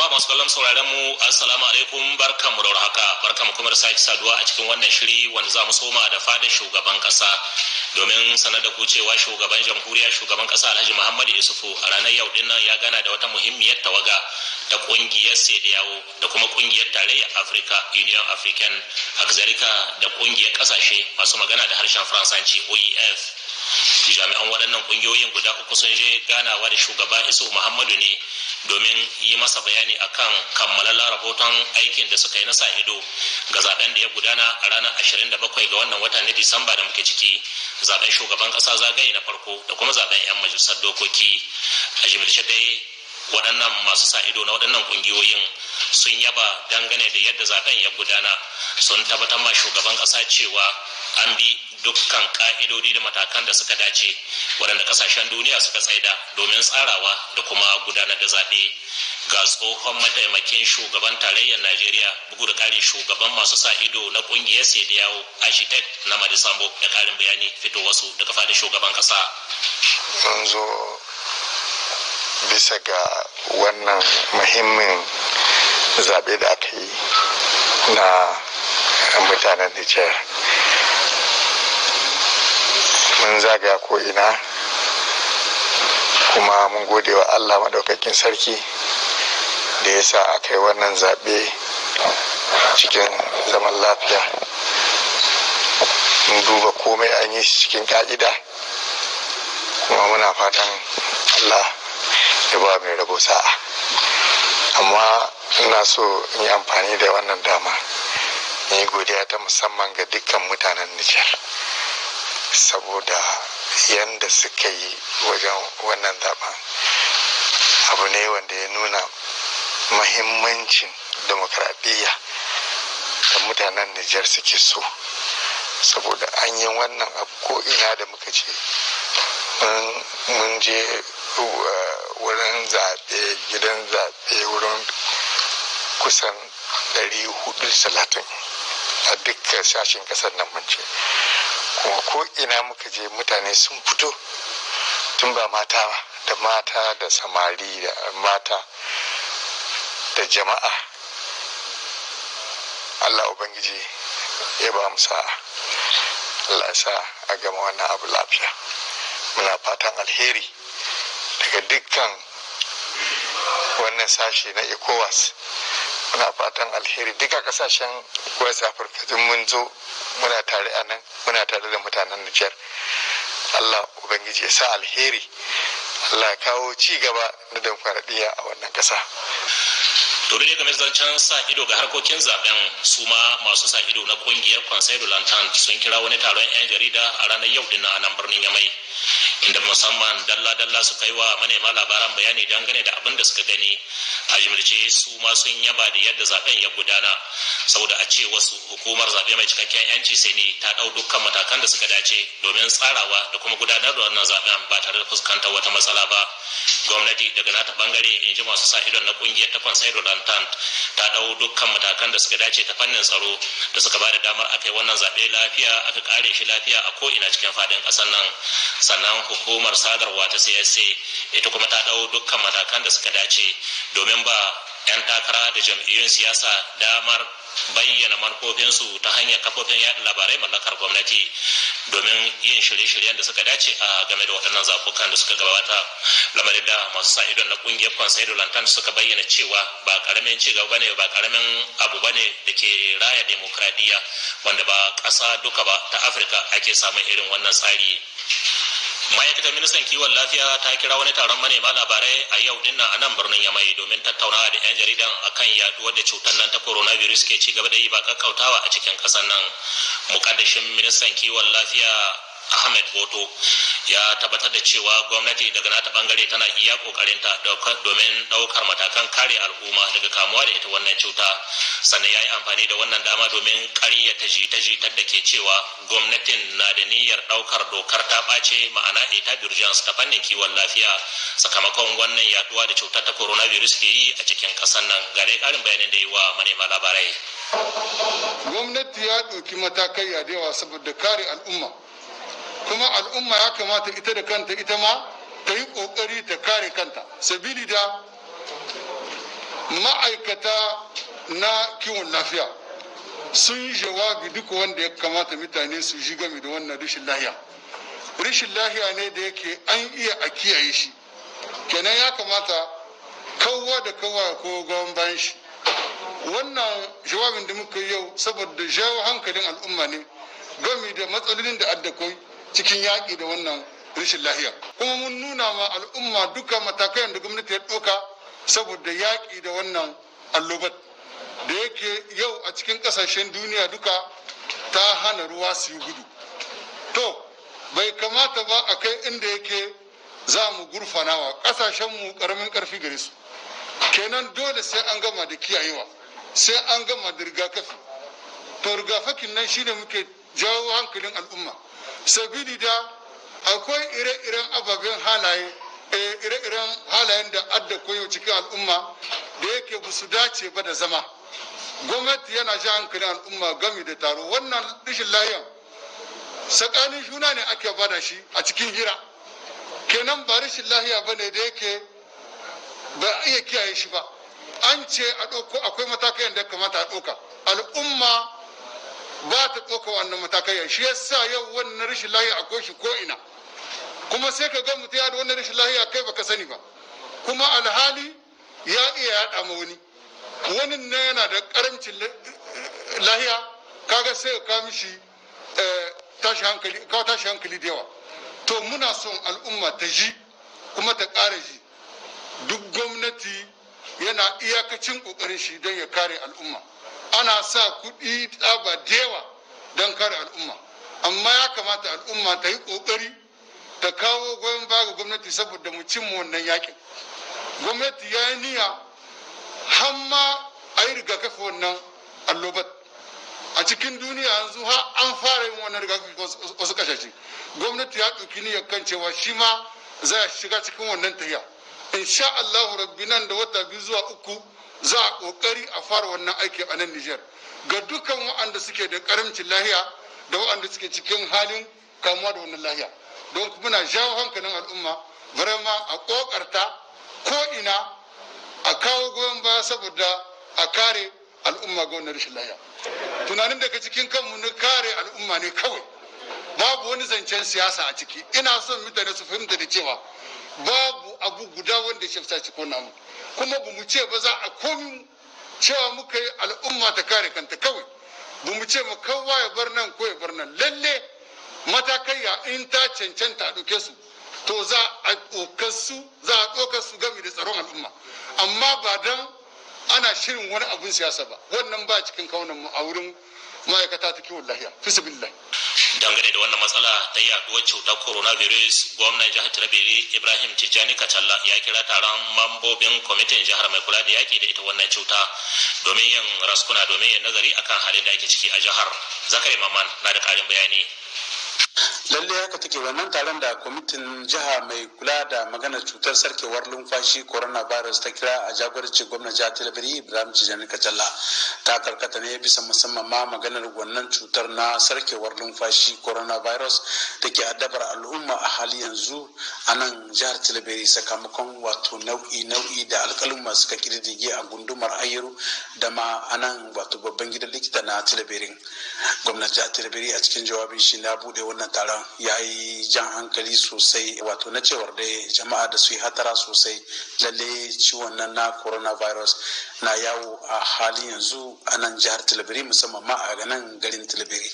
jama'a masu kallon sauraron mu assalamu alaikum barkamu da warhaka barkamu kuma da sake saduwa a cikin wannan shiri wanda za mu soma da fada shugaban kasa domin sanar da ku cewa shugaban jamhuriya shugaban kasa Alhaji Muhammadu Yusufu a ranar yau din nan ya gana da wata muhimmiyar tawaga da kungiyar Sediyawo da kuma kungiyar tarayyar Africa Union African hakzalika da kungiyar kasashe masu magana da harshen Faransanci OEF jami'an waɗannan kungiyoyin guda uku sun je ganawa da shugaba Isu Muhammadu ne domin yi masa bayani a akan kammalalla rahoton aikin da suka yi na sa ido ga zaben da ya gudana a ranar 27 ga wannan wata na disamba da muke ciki zaben shugaban kasa zagaye na farko da kuma zaben 'yan majalisar dokoki a jimilce dai waɗannan masu sa ido na waɗannan ƙungiyoyin sun yaba dangane da yadda zaben ya gudana sun tabbatar ma shugaban kasa cewa an bi dukkan ka'idodi da matakan da suka dace waɗanda ƙasashen duniya suka tsaida domin tsarawa da kuma gudanar da zaɓe ga tsohon mataimakin shugaban tarayyar najeriya bugu da ƙari shugaban masu sa ido na ƙungiyar yawo architect na madisambo da ƙarin bayani fito wasu daga fadin shugaban ƙasa zo bisa ga wannan muhimmin zaɓe da aka yi na mutanen nijar mun zaga ko ina kuma mun gode wa allah madaukakin sarki da ya sa a kai wannan zaɓe cikin zaman lafiya mun duba komai an yi cikin ka'ida kuma muna fatan allah ya ba mai rabo sa'a amma ina so in yi amfani da wannan dama in yi godiya ta musamman ga dukkan mutanen nijar saboda yanda suka yi wajen wannan zaben abu ne wanda ya nuna mahimmancin demokradiyya da mutanen Nijar suke so saboda an yi wannan abu ko ina da muka ce mun je uh, wurin zaɓe gidan zaɓe wurin kusan 430 a dukkan sashen ƙasar nan mun ce kuma ko ina muka je mutane sun fito tun ba mata da mata da samari da mata da jama'a allah ubangiji ya ba mu sa'a allah sa a gama wannan abu lafiya muna fatan alheri daga dukkan wannan sashi na ecowas muna fatan alheri duka kasashen west africa mun zo muna tare a nan muna tare da mutanen Nijar Allah Ubangiji ya sa alheri Allah kawo ci gaba da damfaraɗiya a wannan ƙasa. domin ne game zancen sa ido ga harkokin zaben su ma masu sa ido na kungiyar conseil de sun kira wani taron 'yan jarida a ranar yau din a nan birnin yamai inda musamman dalla-dalla su kaiwa, wa manema labaran bayani dangane da abin da suka gani a jimilce su ma sun yaba da yadda zaben ya gudana saboda a ce wasu hukumar zaɓe mai cikakken yanci sai ne ta ɗau dukkan matakan da suka dace domin tsarawa da kuma gudanar da wannan zaben ba tare da fuskantar wata matsala ba gwamnati daga nata bangare in ji masu sa idon na kungiyar ta kwansai rodantant ta ɗau dukkan matakan da suka dace ta fannin tsaro da suka ba da damar aka yi wannan zaɓe lafiya aka kare shi lafiya a ko ina cikin faɗin ƙasar nan sannan hukumar sadarwa ta siyasa ita kuma ta ɗau dukkan matakan da suka dace domin ba 'yan takara da jam'iyyun siyasa damar bayyana manufofinsu ta hanyar kafofin yaɗa labarai mallakar gwamnati domin yin shirye-shiryen da suka dace a game da waɗannan zafukan da suka gabata lamarin da masu sa idon na ƙungiyar kwansai da lantan suka bayyana cewa ba karamin ci gaba ne ba ƙaramin abu ba ne da ke raya demokradiyya wanda ba ƙasa duka ba ta afirka ake samun irin wannan tsari ma'aikatar ministan kiwon lafiya ta kira wani taron manema labarai a yau dinnan a nan birnin yamai domin tattaunawa da 'yan jaridan akan yaduwar da cutar nan ta coronavirus ke ci gaba da yi ba kakkautawa a cikin kasar nan mukaddashin ministan kiwon lafiya ahmed hoto ya tabbatar da cewa gwamnati daga nata bangare tana iya kokarinta domin daukar matakan kare al'umma daga kamuwa da ita wannan cuta sannan ya yi amfani da wannan dama domin ƙarya ta ta ji da ke cewa gwamnatin na da niyyar daukar dokar ta ɓace ma'ana ita urgence ta fannin kiwon lafiya sakamakon wannan yaduwa da cutar ta coronavirus ke yi a cikin ƙasar nan ga dai ƙarin bayanin da yi wa manema labarai gwamnati ya ɗauki matakai da yawa saboda kare al'umma kuma al'umma ya kamata ita da kanta ita ma ta yi ƙoƙari ta kare kanta sabili da ma'aikata na kiwon lafiya sun yi jawabi duk wanda ya kamata mutane su ji game da wannan rashin lahiya rashin lahiya ne da yake an iya a kiyaye shi kenan ya kamata kawwa da kawwa ko gawan bayan shi wannan jawabin da muka yi yau saboda jawo hankalin al'umma ne gami da matsalolin da addakwai cikin yaƙi da wannan rashin lahiya kuma mun nuna ma al'umma duka matakai da gwamnati ya ɗauka saboda yaƙi da wannan allobat da yake yau a cikin ƙasashen duniya duka ta hana ruwa su yi gudu to bai kamata ba a kai inda yake za mu gurfanawa ƙasashenmu ƙaramin ƙarfi gare su kenan dole sai an gama da kiyayewa sai an gama da rigakafi to rigakafin nan shine muke jawo hankalin al'umma sabili da akwai ire-iren ababen halaye eh, ire-iren halayen da adda koyo cikin al'umma da yake ba su dace ba da zama gwamnati yana sha hankalin al'umma gami da taro wannan rashin layan tsakanin juna ne ake bada shi a cikin hira kenan ba rashin lahiya ba ne da yake ba iya kiyaye shi ba an ce a ɗauko akwai matakai da kamata a ɗauka al'umma ta ɗauka wannan matakai shi yasa yau wannan rashin lahiya a shi ko ina kuma sai ka ga mutum ya da wannan rashin lahiya kai baka sani ba kuma alhali ya iya yaɗa ma wani wani na yana da karancin lahiya kaga sai ka mishi eh, tashi hankali ka tashi hankali da yawa to muna son al'umma ta ji kuma ta ƙara ji duk gwamnati yana iyakacin ƙoƙarin shi don ya kare al'umma ana sa kuɗi ba da yawa don kare al'umma amma ya kamata al'umma ta yi ƙoƙari ta kawo goyon baya ga gwamnati saboda mu cimma wannan yakin gwamnati ya yi niyya har ma a yi rigakafi wannan allobat a cikin duniya yanzu har an fara yin wannan rigakafi wasu kasashe gwamnati ya ɗauki niyyar kan cewa shi ma za a shiga cikin wannan tahiya insha Allahu rabbi nan da wata biyu zuwa uku za a kokari a fara wannan aiki a nan Nijar ga dukkan waɗanda suke da karamcin lahiya da waɗanda suke cikin halin kamuwa da wannan lahiya don muna jawo hankalin al'umma vraiment a kokarta ko ina a kawo goyon baya saboda a kare al'umma ga wannan rashin lahiya tunanin daga cikin kanmu na kare al'umma ne kawai babu wani zancen siyasa a ciki ina son mutane su fahimta da cewa babu abu guda wanda ya shafta ci kona mu kuma ba mu ce ba za a komi cewa muka yi al'umma ta kare kanta kawai ba mu ce ma kowa ya bar nan ko ya bar nan lalle matakai in ta cancanta a ɗauke su to za a ɗaukar su za a ɗaukar gami da tsaron al'umma amma ba dan ana shirin wani abun siyasa ba wannan ba cikin kaunan mu a wurin ma'aikata ta kiwon lahiya fi dangane da wannan matsala ta yaduwar cutar coronavirus gwamnan jihar tirabiri ibrahim tijjani kacalla ya kira taron mambobin kwamitin jihar mai kula da yaki da ita wannan cuta domin yin raskuna domin yin nazari akan halin da ake ciki a jihar zakari maman na da karin bayani lallai haka take wannan taron da kwamitin jiha mai kula da maganar cutar sarkewar lumfashi coronavirus ta kira a jagoranci gwamnan jihar talabari ibrahim cijani kajalla ta karkata ne bisa musamman ma maganar wannan cutar na sarkewar lumfashi coronavirus da ke addabar al'umma a hali yanzu a nan jihar talabari sakamakon wato nau'i nau'i da alkalumma suka kirdige a gundumar ayyuru da ma a nan wato babban gidan likita na talabirin gwamnan jihar talabari a cikin jawabin shi na bude wannan taron ya yi jan hankali sosai wato na cewar dai jama'a da su yi hatara sosai lalle ciwon nan na coronavirus na yawo a hali yanzu a nan jihar tilibiri musamman ma a nan garin tilibiri.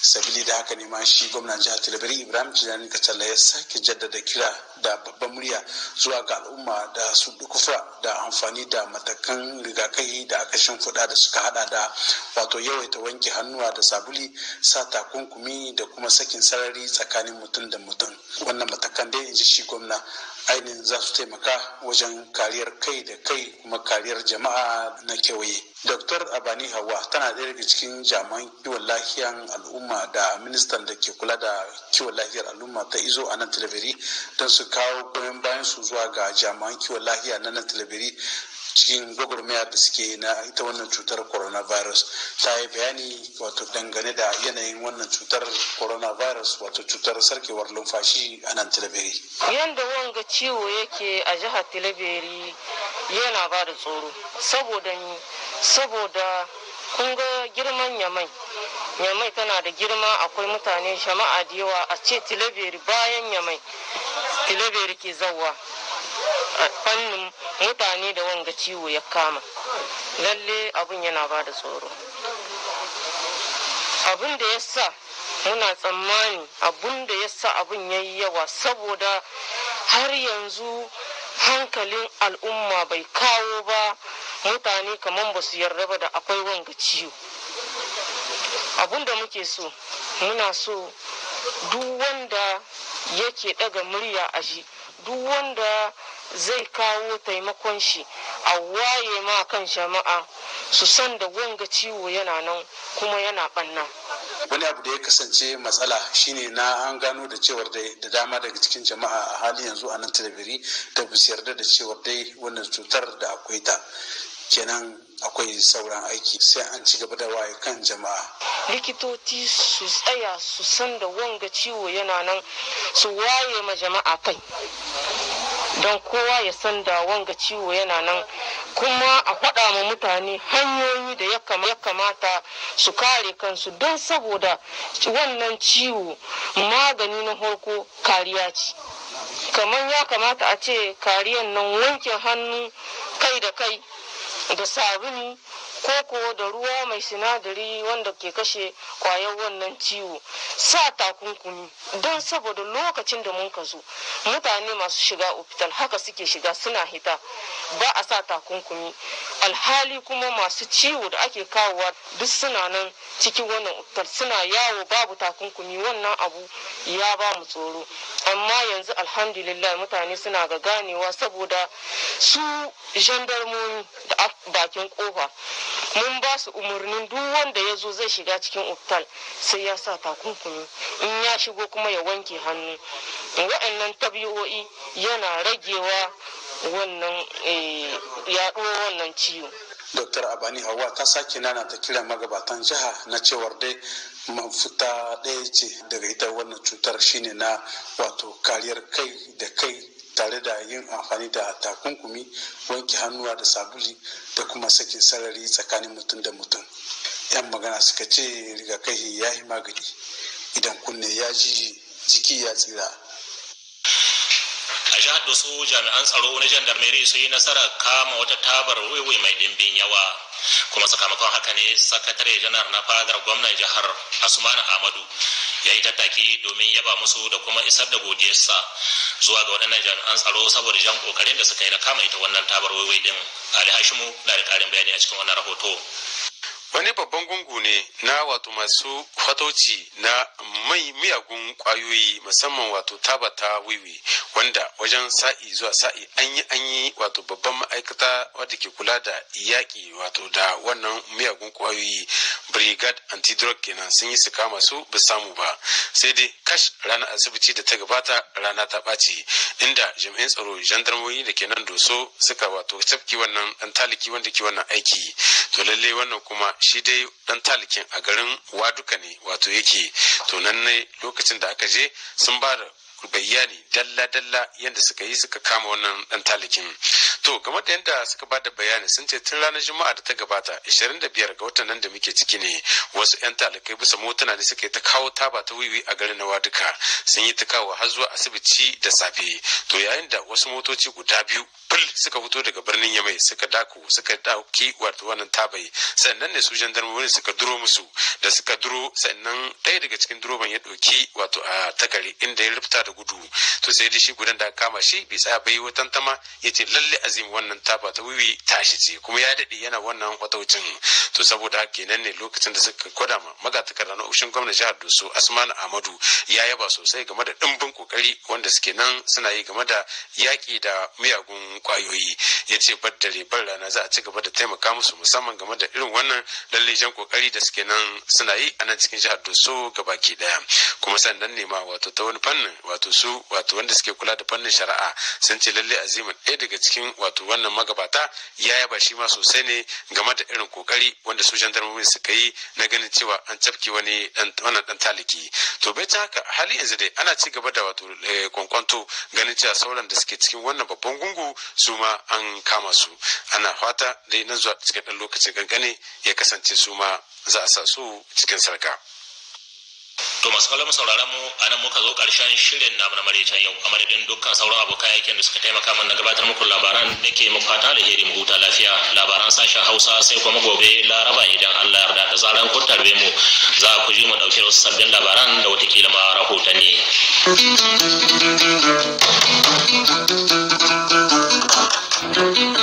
sabili da haka ne ma shi gwamnan jihar talibari ibrahim tunani katsalla ya sake jaddada kira da babban murya zuwa ga al'umma da su dukufa da amfani da matakan rigakafi da aka shimfiɗa da suka hada da wato yawaita wanke hannuwa da sabuli sa takunkumi da kuma sakin sarari tsakanin mutum da mutum wannan matakan dai in ji shi gwamna ainihin za su taimaka wajen kariyar kai da kai kuma kariyar jama'a na kewaye. Dr. Abani Hawa tana ɗaya daga cikin jami'an kiwon lafiyan al'umma al'umma da ministan da ke kula da kiwon lahiyar al'umma ta izo a nan talabiri don su kawo goyon bayan su zuwa ga jami'an kiwon lahiya na nan talabiri cikin gwagwarmaya da suke na ita wannan cutar coronavirus ta yi bayani wato dangane da yanayin wannan cutar coronavirus wato cutar sarkewar lumfashi a nan talabiri yadda wanga ciwo yake a jihar talabiri yana ba da tsoro saboda kunga saboda kun ga girman yamai yamai tana da girma akwai mutane shama'a da yawa a ce tilaberi bayan yamai tilaberi ke zauwa fannin mutane da wanga ciwo ya kama lalle abin yana ba da tsoro abin da ya sa muna tsammani abin da ya sa abin ya yi yawa saboda har yanzu hankalin al'umma bai kawo ba mutane kamar ba su yarda ba da akwai wanga ciwo abun da muke so muna so duk wanda yake daga murya a shi duk wanda zai kawo taimakon shi a waye ma kan jama'a su san da wanga ciwo yana nan kuma yana banna wani abu da ya kasance matsala shine na an gano da cewar dai da dama daga cikin jama'a a hali yanzu a nan talabiri da yarda da cewar dai wannan cutar da akwai ta kenan akwai sauran aiki sai an ci gaba da waye kan jama'a likitoci su tsaya su san da wanga ciwo yana nan su waye ma jama'a kai don kowa ya san da wanga ciwo yana nan kuma a faɗa ma mutane hanyoyi da ya kamata su kare kansu don saboda wannan ciwo magani na harko kariya ce kamar ya kamata a ce kariyan nan wanke hannu kai da kai da sabuni koko da ruwa mai sinadari wanda ke kashe kwayar wannan ciwo sa takunkumi don saboda lokacin da mun ka zo mutane masu shiga ofital haka suke shiga suna hita ba a sa takunkumi alhali kuma masu ciwo da ake kawowa duk suna nan cikin wannan uktar suna yawo babu takunkumi wannan abu ya ba mu tsoro amma yanzu alhamdulillah mutane suna ga ganewa saboda su gendarmomi da bakin kofa mun ba su umarnin duk wanda ya zo zai shiga cikin uktal sai ya sa takunkumi in ya shigo kuma ya wanke hannu waɗannan tabi'o'i yana ragewa wannan eh, yaɗuwar wannan ciwo Dr. Abani Hawa ta sake nana ta kira magabatan jiha na cewar dai mafuta ɗaya ce daga ita wannan cutar shine na wato kariyar kai da kai tare da yin amfani da takunkumi wanke hannuwa da sabuli da kuma sakin sarari tsakanin mutum da mutum. 'Yan magana suka ce rigakafi ya yi magani idan kunne ya ji jiki ya tsira. a jihar da su jami'an tsaro na jandarmeri su yi nasara kama wata tabar waiwai mai dimbin yawa kuma sakamakon haka ne sakatare janar na fadar gwamnan jihar asmanu ahmadu ya yi tattaki domin yaba musu da kuma isar da godiyarsa zuwa ga waɗannan jami'an tsaro saboda jan kokarin da suka yi na kama ita wannan tabar waiwai din ali hashimu na da karin bayani a cikin wannan rahoto wani babban gungu ne na wato masu fatoci na mai miyagun kwayoyi musamman wato tabata wiwi wanda wajen sa'i zuwa sa'i an yi an yi wato babban ma'aikata wadda ke kula da yaƙi wato da wannan miyagun kwayoyi brigade anti-drug kenan sun yi su kama su ba samu ba sai dai kash ranar asibiti da ta gabata rana ta ɓaci inda jami'an tsaro jandarmoyi da ke nan doso suka wato tafki wannan ɗan taliki wanda ke wannan aiki to lallai wannan kuma shi dai dan talikin a garin waduka ne wato yake to ne lokacin da aka je sun ba da bayani dalla-dalla yadda suka yi suka kama wannan dan talikin To game da yadda suka ba da bayani sun ce tun ranar Juma'a da ta gabata 25 ga watan nan da muke ciki ne wasu 'yan talakai bisa motuna ne suka yi ta kawo taba ta wiwi a garin Nawa duka sun yi ta kawo har zuwa asibiti da safe. To yayin da wasu motoci guda biyu fil suka fito daga birnin Yamai suka dako suka dauki wato wannan tabai sannan ne su jandarmomi suka duro musu da suka duro sannan ɗaya daga cikin duroban ya ɗauki wato a takari inda ya rufta da gudu to sai dai shi gudan da kama shi bai tsaya bai wa tantama ya ce lalle azim wannan taba ta wiwi tashi ce kuma ya daɗe yana wannan wataucin to saboda kenan ne lokacin da suka gwada ma magatakarda na ofishin gwamnan jihar doso asman amadu ya yaba sosai game da ɗimbin kokari wanda suke nan suna yi game da yaƙi da miyagun kwayoyi ya ce bar dare bar rana za a ci gaba da taimaka musu musamman game da irin wannan lalle jan kokari da suke nan suna yi a nan cikin jihar doso gabaki daya kuma sannan ne ma wato ta wani fannin wato su wato wanda suke kula da fannin shari'a sun ce lalle azimin ɗaya daga cikin wato wannan magabata ya yaba shi ma sosai ne game da irin kokari wanda su jandarmomin suka yi na ganin cewa an cafke wani wannan dan taliki to bai haka hali yanzu dai ana ci gaba da wato eh, kwankwanto ganin cewa sauran da suke cikin wannan babban gungu su ma an kama su ana fata dai nan zuwa cikin dan lokaci gangane ya kasance su ma za a sa su cikin sarka. to masu kallon sauraron mu a nan muka zo karshen shirin namu na maraicen yau a madadin dukkan sauran abokan aikin da suka taimaka mana gabatar muku labaran nake muku fata da heri mu huta lafiya labaran sashen hausa sai kuma gobe laraba idan allah yarda da zaran kun tarbe mu za ku ji mu ɗauke wasu sabbin labaran da watakila ma rahotanni. Thank you.